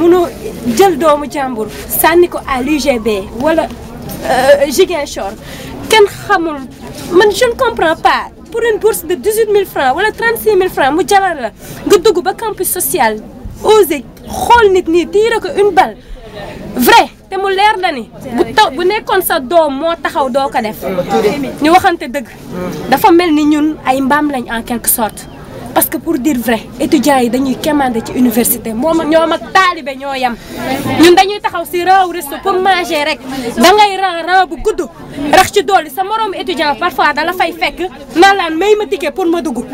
munoo jël doomu jàmbur sànni ko à l'UGB wala euh, Ziguinchor kenn xamul man je ne comprends pas pour une bourse de 18 000 francs wala 36 mille francs mu jaral la nga dugg ba campus social osé xool nit nii tiire ko une balle vrai te mu leer la ni taw bu nekkoon sa doom moo taxaw doo ko def ñu waxante dëgg dafa mel ni ñun ay mbaam lañ en quelque sorte parce que pour dire vrai étudiants yi dañuy commandé ci université moom ak ñoom ak taalibe ñoo yam ñun dañuy taxaw si raw resto pour manger rek da ngay ran ran bu gudd rax ci dolli sa moroom étudiant parfois dala fay fekk naan laan may ma ticket pour ma dugg